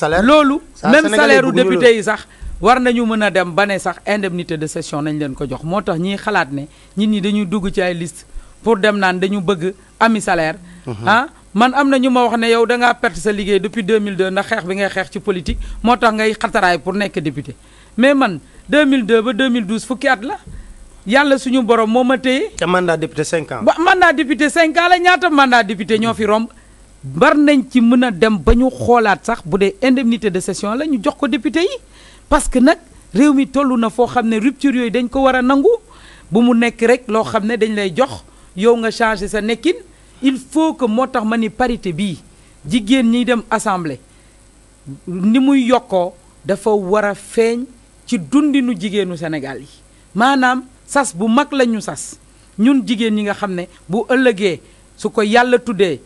salaire loolu même salaire u député yi sax war nañu mën a dem ba ne sax indemnité de session nañ leen ko jox moo tax ñiy xalaat ne nit ñi dañuy dugg ci ay list pour dem naan dañu bëgg ami salaire mhm. ah man am na ñu ma wax ne yow da ngaa perte sa liggéey depuis 2002 ndax xeex bi ngay xeex ci politique moo tax ngay xataraay pour nekk député mais man 2002 ba 2012 fukki at la yàlla suñu borom moo ma téye. te mandat député 5 ans. ba mandat député 5 ans la ñaata mandat ñoo fi romb. bar nañ ci mën a dem ba ñu xoolaat sax bu dee indeminité de session la ñu jox ko député yi parce que nag réew mi toll na foo xam ne rupture yooyu dañ ko war a nangu bu mu nekk rek loo xam ne dañ lay jox yow nga changé sa nekkin il faut que moo tax ma ni parité bii jigéen ñi dem assemblée ni muy yokkoo dafa war a feeñ ci dundinu jigéenu Sénégal yi maanaam sas bu mag la ñu sas ñun jigéen ñi nga xam ne bu ëllëgee su ko yàlla tuddee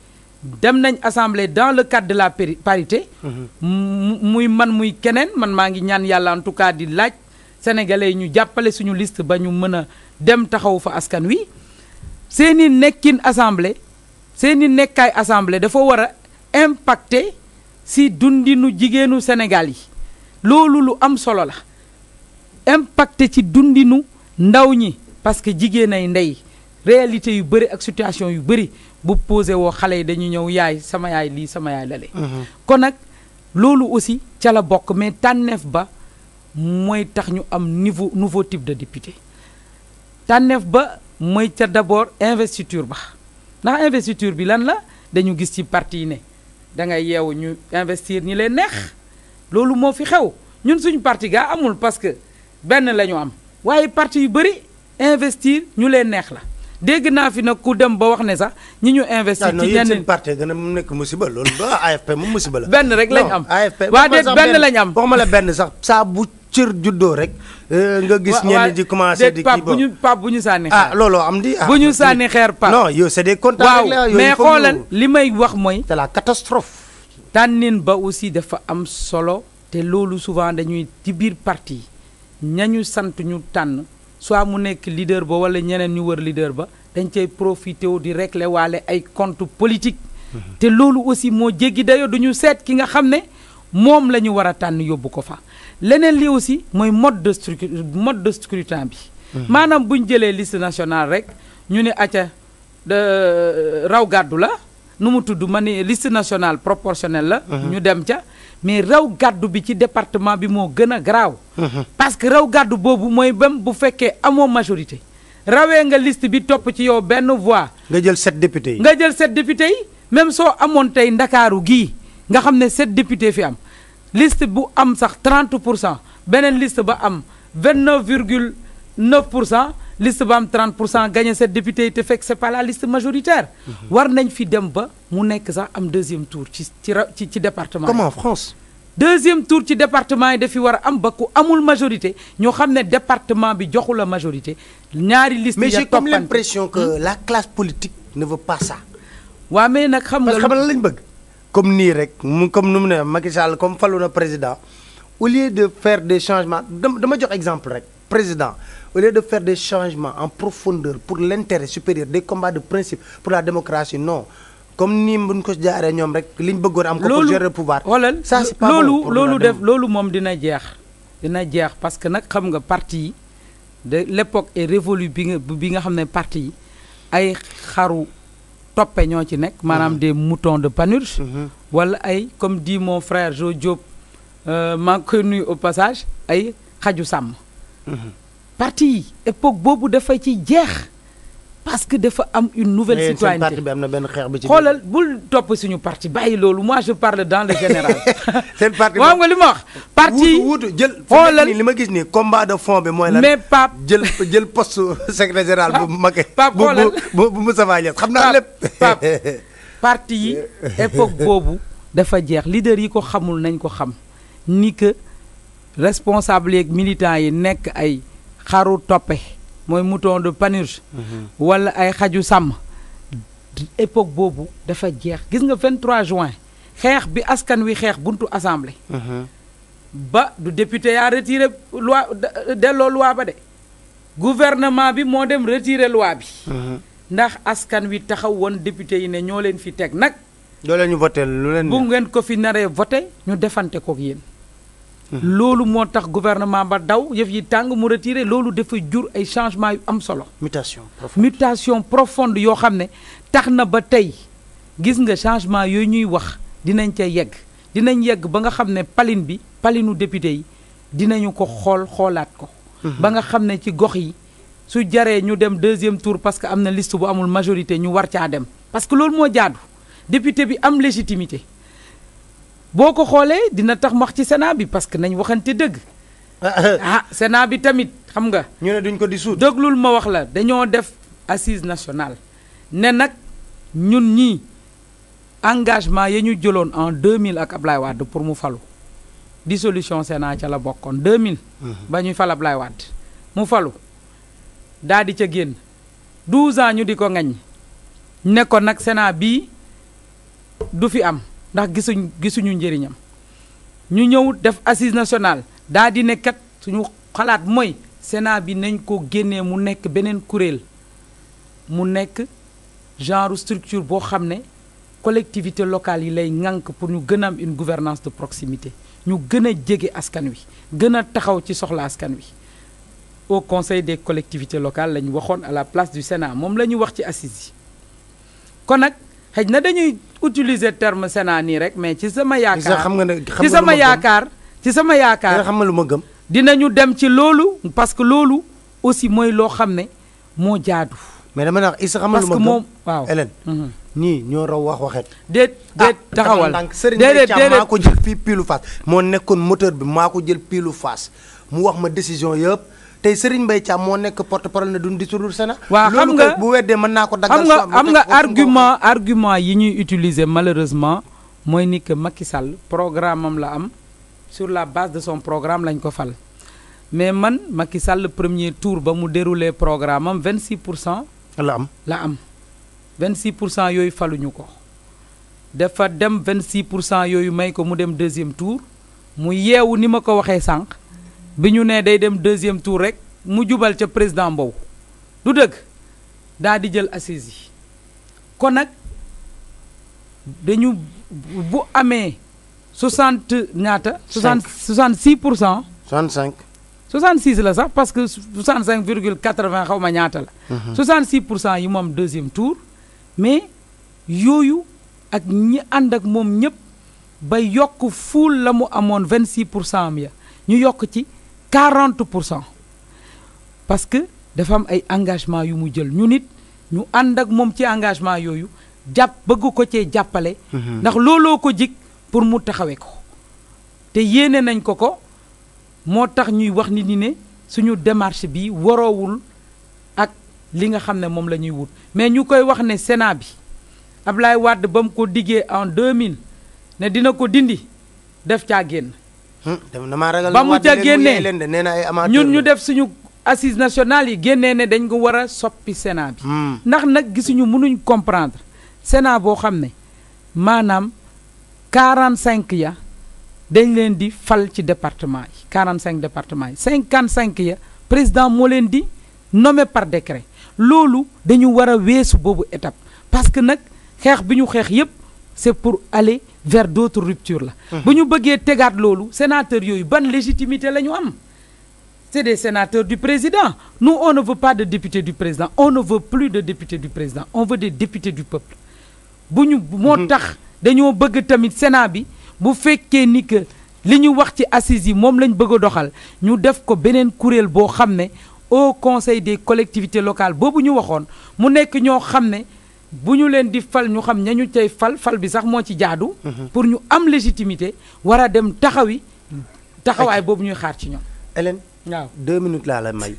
dem nañ assemblée dans le cadre de la parité. Mm-hmm. muy man muy keneen man maa ngi ñaan yàlla en di laaj sénégalais yi ñu jàppale suñu liste ba ñu mën a dem taxawu fa askan wi. seeni nekkin assemblée seeni nekkaay assemblée dafa war a impacter si dundinu jigéenu senegal yi loolu lu am solo la impacter ci dundinu ndaw ñi parce que jigéen ay ndey réalité yu bëri ak situation yu bëri. bu posé woo xale yi dañu ñëw yaay sama yaay lii sama yaay lale mhm. kon nag loolu aussi ca la bokk mais tànneef ba mooy tax ñu am niveau nouveau type de député tànneef ba mooy ca d'abord investiture ba ndax investiture bi lan la dañu gis ci parti yi ne da ngay yeewu ñu investir ñi leen neex loolu moo fi xew ñun suñu parti gaa amul parce que benn la am waaye parti yu bëri investir ñu leen neex la dégg naa fi nag ku dem ba wax ne sax ñi ñu investir ah, ci ñenn parti gën nekk musiba loolu ba AFP moom musiba la benn rek lañ am AFP waa déet benn lañ am waxuma la benn sax saa bu cër juddoo rek euh, nga gis ñenn ji commencé di kii bu bu ñu sànni ah, xeer looloo am di ah, ñu sànni xeer pap non yow des contacts mais xoolan li may wax mooy c'est la catastrophe tànnin ba aussi dafa am solo te loolu souvent dañuy ci biir parti ñañu sant ñu tànn soit mu nekk leader ba wala ñeneen ñu wër leader ba dañ cay profité wu di réglé waale ay compte politique mhm. te loolu aussi moo jéggi dayo du ñu seet ki nga xam ne moom la ñu war a tànn yóbbu ko fa leneen li aussi mooy mode de de scrutin bi mhm. maanaam bu ñu jëlee liste nationale rek ñu ne acca raw gàddu la nu mu tudd ma ni liste nationale proportionnelle la mhm. ñu dem ca mais raw gàddu bi ci département bi moo gën a garaaw. Uh-huh. parce que raw gàddu boobu mooy bam bu fekkee amoo majorité. rawee nga liste bi topp ci yow benn voix. nga jël sept députés yi. nga jël set députés yi même soo amoon tey ndakaaru gii nga xam ne sept députés fi am liste bu am sax 30 pour cent beneen liste ba am vingt 29 virgule 9 pour cent. liste ba am 30 pour cent gagné sept députés yi te fekk c'est pas la liste majoritaire. Mhm. war nañ fi dem ba mu nekk sax am deuxième tour ci ci ci département comme en France. deuxième tour ci département yi dafi war a am ba ku amul majorité ñoo xam ne département bi joxu la majorité ñaari liste mais comme l'impression que hmm? la classe politique ne veut pas ça. waa mais nag xam nga xamal lañ bëgg. comme nii rek mu comme nu mu ne Macky Sall comme falu na président au lieu de faire des changements dama jox exemple rek. président au lieu de faire de changement en profondeur pour l'intérêt supérieur de combats de principe pour la démocratie non comme ni buñ ko jaaree ñoom rek liñ bëggoon am. ko pour gérer pouvoir loolu ça c'est pas bon loolu def loolu moom dina jeex. dina jeex parce que nag xam nga parti de l'époque est révolue bi nga bi nga xam ne parti ay xaru toppe ñoo ci nekk. maanaam des mouton de panurge. wala ay comme di mon frère Jo Diop euh, manque ngi koy nuyu au passage ay xaju sàmm. parti yi époque boobu dafa ci jeex parce que dafa am une nouvelle citoyenneté mais seen parti benn xeex bi ci xoolal bul topp suñu parti bàyyi loolu moi je parle dans le général. seen parti moom nga li ma wax. parti wuutu jël. xoolal li ma gis nii combat fond bi mooy lan. mais Pape jël jël poste secrétaire général bu Maguette. Pape xoolal bu bu bu Moussa Diagne xam naa lépp. Pape parti yi époque boobu dafa jeex lider yi ko xamul nañ ko xam ni responsable yeeg militants yi nekk ay xaru toppe mooy mouton de panurge mhm. wala ay xaju sàmm époque boobu dafa jeex gis nga 23 juin xeex bi askan wi xeex buntu assemblée mhm. ba du député yaa retiré loi delloo loi ba de gouvernement bi moo dem retiré loi bi mhm. ndax askan wi taxaw woon député yi ne ñoo leen fi teg nag doo leen ñu voté lu leen bu ngeen ko fi naree voté ñu defante kook yéen loolu moo tax gouvernement ba daw yëf yi tàng mu retiré loolu dafa jur ay changement yu am solo. mutation profonde profonde yoo xam ne tax na ba tey gis nga changement yooyu ñuy wax dinañ ca yegg dinañ yegg ba nga xam ne palin bi palinu député yi dinañu ko xool xoolaat ko. Mhm. ba nga xam ne ci gox yi su jaree ñu dem deuxième tour parce que am na liste bu amul majorité ñu war caa dem. parce que loolu moo jaadu député bi am légitimité. boo ko xoolee dina tax wax ci Sénat bi parce que nañ waxante dëgg. ah Sénat bi tamit xam nga. ñu ne duñ ko di suut déglul ma wax la dañoo def assise nationale. ne nag ñun ñi engagement ya ñu jëloon en deux mille ak Ablaye Wade pour mu falu solution Sénat ca la bokkoon mille mhm. ba ñuy fal Ablaye Wade mu falu daa di ca génn 12 ans ñu di ko ngañ ne ko nag Sénat bii du fi am. ndax gisuñ gisuñu njëriñam ñu ñëw def assise national daa di ne suñu xalaat mooy Sénat bi nañ ko génnee mu nekk beneen kuréel mu nekk genre structure boo xam ne collectivité locale yi lay ŋànk pour ñu gën a am une gouvernance de proximité ñu gën a jege askan wi gën a taxaw ci soxla askan wi au conseil des collectivité locale la ñu waxoon à la place du Sénat moom la ñu wax ci assis yi kon nag xëj na dañuy utiliser terme Sénat nii rek mais ci sama yaakaar xam nga ne ci sama yaakaar ci sama yaakaar xam na lu ma gëm dinañu dem ci loolu parce que loolu aussi mooy loo xam ne moo jaadu mais dama ne wax Issa xam nga lu ma moom waaw Hélène mhm. ñii ñoo raw wax waxet déet ah, déet taxawal déedéet déedéet maa ko jël fii piilu faas moo nekkoon moteur bi maa ko jël piilu faas mu wax ma décision yëpp tey Serigne Mbaye Thiam moo nekk porte parole ne duñ di sudur Sénat. waa xam nga bu weddee mën naa ko daggal. xam nga xam nga argument argument yi ñuy utiliser malheureusement mooy ni que Macky Sall programme am la am sur la base de son programme lañ ko fal. mais man makki Sall premier tour ba mu déroulé programme am 26 pour cent. la am la am 26 pour cent yooyu faluñu ko. dafa dem vingt 26 pour cent yooyu may ko mu dem deuxième tour mu yeewu ni ma ko waxee sànq. bi ñu nee day dem deuxième tour rek mu jubal ca président Mbow du dëkk daa di jël assise yi kon nag dañu bu amee soixante ñaata. soixante soixante six pour cent. soixante cinq. soixante six la sax parce que soixante cinq virgule quatre vingt xaw ma ñaata la. Mhm. soixante six pour cent yi moom deuxième tour mais yooyu ak ñi ànd ak moom ñëpp ba yokk fuul la mu amoon vingt six pour cent am ya ñu yokk ci. 40 pour cent parce que dafa am ay engagement yu mu jël ñu nit ñu ànd ak moom ci engagement yooyu jàpp bëgg ko cee jàppale mhm. ndax looloo ko jig pour mu taxawee ko te yéene nañ ko ko moo tax ñuy wax nit ñi ne suñu démarche bi waroowul ak li nga xam ne moom la ñuy wut mais ñu koy wax ne Sénat bi ab Ablaye wàdd ba mu ko diggee en 2000 ne dina ko dindi def caa génn damaa ragal ba mu ca génnee ñun ñu def suñu assise nationale yi génnee ne dañ ko war a soppi Sénat bi. Hmm. ndax nag gisuñu mënuñu comprendre Sénat boo xam ne maanaam 45 ya dañ leen di fal ci département yi 45 département yi 55 ya président moo leen di nommé par décret loolu dañu war a weesu boobu étape parce que nag xeex bi ñu xeex yépp c'est pour aller. vers d'autres ruptures la. bu ñu bëggee tegaat loolu sénateur yooyu ban légitimité la ñu am. c'est des sénateurs du président nous on ne veut pas de députés du président on ne veut plus de députés du président on veut des députés du peuple. bu ñu moo tax dañoo bëgg tamit sénat bi bu fekkee ni que li ñu wax ci assises yi moom lañ bëgg a doxal ñu def ko beneen kuréel boo xam ne au conseil des collectivités locales boobu ñu waxoon mu nekk ñoo xam ne. bu ñu leen di fal ñu xam ñu tey fal fal bi sax moo ci jaadu. Mhm. pour ñu am légitimité war a dem taxawi taxawaay boobu ñuy xaar ci ñoom. Hélène. waaw deux minutes laa la may.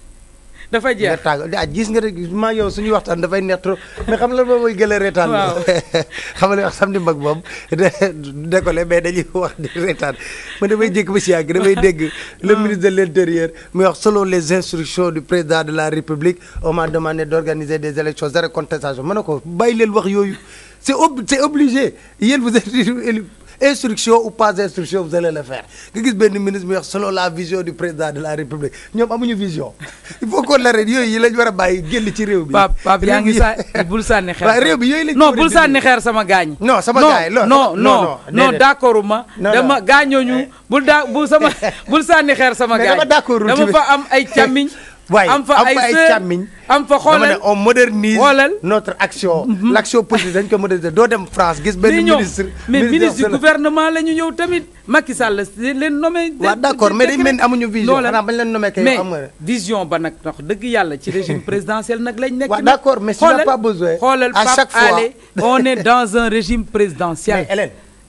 dafay jeex nga tàgg ah gis nga rek maa yow suñuy waxtaan dafay neex trop mais xam la moom mooy gën a reetaan xam nga wax samedi mag moom décollé mais dañuy wax di reetaan man damay jékk ba si yàgg damay dégg le ministre de l' intérieur wax solo les instructions du président de la république on m'a demandé d' organiser des élections zéro contestation ma ne ko bay leen wax yooyu c' est ob c' obligé yéen vous êtes élu instruction ou pas instruction vous allez le faire nga gis benn ministre muy wax selon la vision du président de la république ñoom amuñu vision il faut qu'on l'arrête yooyu yi lañ war a bàyyi génn ci réew bi Pape Pape yaa ngi sa bul sànni xeer waaw réew bi yooyu lañ non bul sànni xeer sama gaañ non sama gaañ non non non non d'accord ma dama gaañooñu bul daa bul sama bul sànni xeer sama gaañ dama fa am ay càmmiñ waaye am fa ay càmmiñ am fa xoolal dama ne notre action. Mhm. l' action dañ ko moderniser doo dem France gis benn ministre. mais ministre gouvernement la ñu ñëw tamit. Macky Sall leen nommé. waaw d' accord mais dañ mel mais vision ba nag ndax dëgg yàlla ci régime présidentiel nag lañ nekk. waaw mais si n' a pas besoin. xoolal Pape Alé on est dans un régime présidentiel.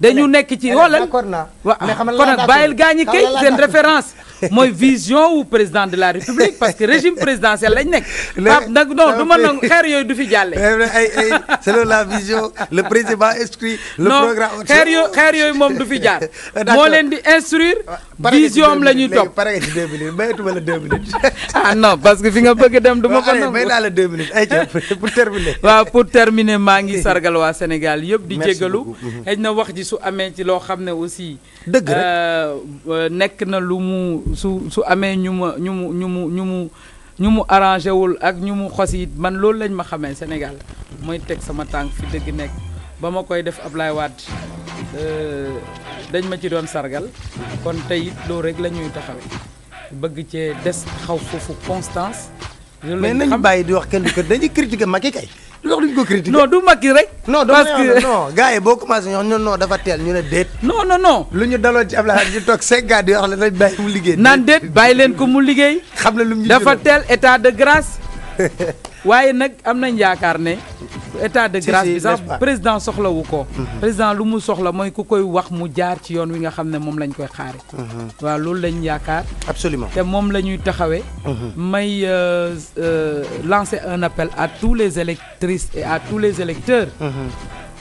dañu nekk ci xoolal. d'accord naa gaañi kay seen référence. mooy vision wu président de la république parce que régime présidentiel lañ nekk. léegi nag non du nangu xeer yooyu du fi jàlle. ay ay selon la vision le président instruit. le programme xeer yooyu xeer yooyu moom du fi jaar. moo leen di instruire. Ah, vision am la ñuy topp pare nga ci deux minutes mayatuma la ah, parce que fi nga bëgg dem du ma ko nangu. may naa la deux minutes ay pour terminer. waaw pour terminer maa ngi sargal waa Sénégal yëpp di jégalu. Mhm. xëy na wax ji su amee ci loo xam ne aussi. dëgg euh, euh, nekk na lu su su amee ñu ma ñu mu ñu mu ñu mu ñu mu arrangé wul ak ñu mu xos it man loolu lañ ma xamee Sénégal mooy teg sama tànk fi dëgg nekk ba ma koy def Ablaye Wade euh, dañ ma ci doon sargal kon tey it loolu rek la ñuy taxawee bëgg cee des xaw foofu constance. loolu mais nañ bàyyi di wax kenn du ko dañuy critiquer Macky kay. lu tax duñ ko critiquer. non du Macky rek. non parce que non gars yi boo commencé ñoo xam non dafa teel ñu ne déet. non non non. lu ñu daloon ci Abdoulaye ñu toog cinq ans di wax la dañ bàyyi mu liggéey. naan déet bàyyi leen ko mu liggéey. xam na lu mu dafa teel état de grâce waaye nag am nañ yaakaar ne. état de grâce président soxlawu ko. Mhm. président lu mu soxla mooy ku koy wax mu jaar ci yoon wi nga xam ne moom lañ koy xaare mhm. waaw loolu lañ yaakaar. absolument te moom la ñuy taxawee. Mhm. may euh, euh, lancer un appel à tous les électrices et à tous les électeurs.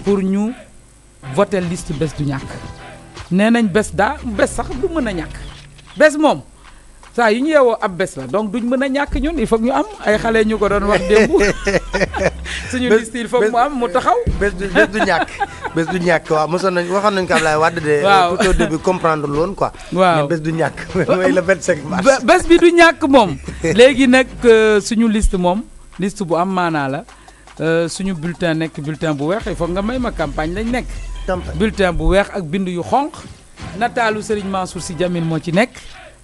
pour ñu voter liste bés du ñàkk. nee nañ bés daa bés sax du mën a ñàkk bés moom. saa yi ñu yeewoo ab bés la donc duñ mën a ñàkk ñun il faut ñu am ay xale ñu ko doon wax démb suñu liste il faut mu am mu taxaw. bés du du ñàkk bés du ñàkk waaw nañ waxoon nañ ko euh, comprendre loon quoi. waaw bés ñàkk mooy le 25 du ñàkk moom. léegi nag euh, suñu liste moom liste bu am maanaa la euh, suñu bulletin nekk bulletin bu weex il faut nga may ma campagne lañ nekk. bulletin bu weex ak bind yu xonq nataalu Serigne Mansour si Djamil moo ci nekk.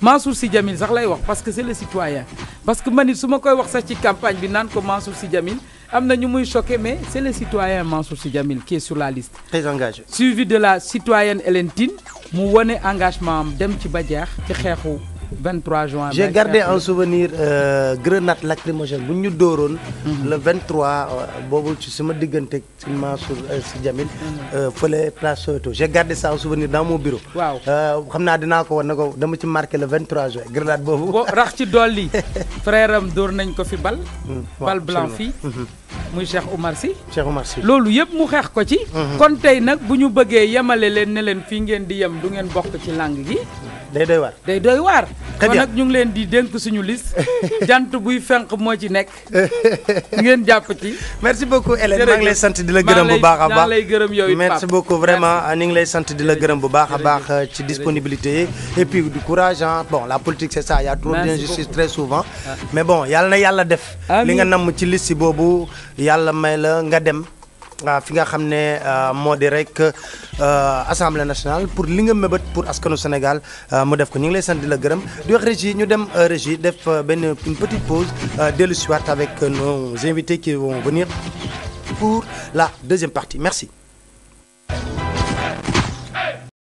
Mansour Sy Djamil sax lay wax parce que c'est le citoyen parce que man it su ma koy wax sax ci campagne bi naan ko Mansour si Djamil am na ñu muy choqué mais c'est le citoyen Mansour Sy Djamil qui est sur la liste. très engagé suivi de la citoyenne Hélène mu wone engagement am dem ci ba jeex ci xeexu. 23 juin. j'ai gardé en souvenir euh, grenade lacrymogène bu ñu dooroon mm-hmm. le 23 euh, boobu ci sama diggante ci Mansour euh, si jamin mm-hmm. fële place Soweto j'ai gardé ça en souvenir daa mon biro waaw xam naa dinaa ko war na ko dama ci marqué le 23 juin grenade boobu. boo rax ci dolli. frère am dóor nañ ko fi bal. Mm, bal blanc fii. Mm-hmm. muy Cheikh Oumar Sy. Cheikh Oumar Sy loolu yëpp mu xeex ko ci. kon tey nag bu ñu bëggee yemale leen ne leen fii ngeen di yem du ngeen bokk ci langue gi. day doy waar day doy waar. kon nag ñu ngi leen di dénk suñu lis jant buy fenq moo ci nekk ngeen jàpp ci. merci beaucoup Hélène maa ngi lay sant di la gërëm bu baax a baax lay gërëm yooyu merci beaucoup vraiment ñu ngi lay sant di la gërëm baax a baax ci disponibilité yi et puis du courage bon la politique c'est ça y a trop d'injustice très souvent ah. mais bon yàlla na yàlla def li nga namm ci liste boobu yàlla may la nga dem Euh, fi nga xam ne euh, moo di rek euh, assemblée national pour li nga mébét pour askanu Sénégal mu def ko ñu ngi lay sant di la gërëm di wax régie ñu dem régie def benn une petite pause dellu si avec nos invités qui venir pour la deuxième partie merci.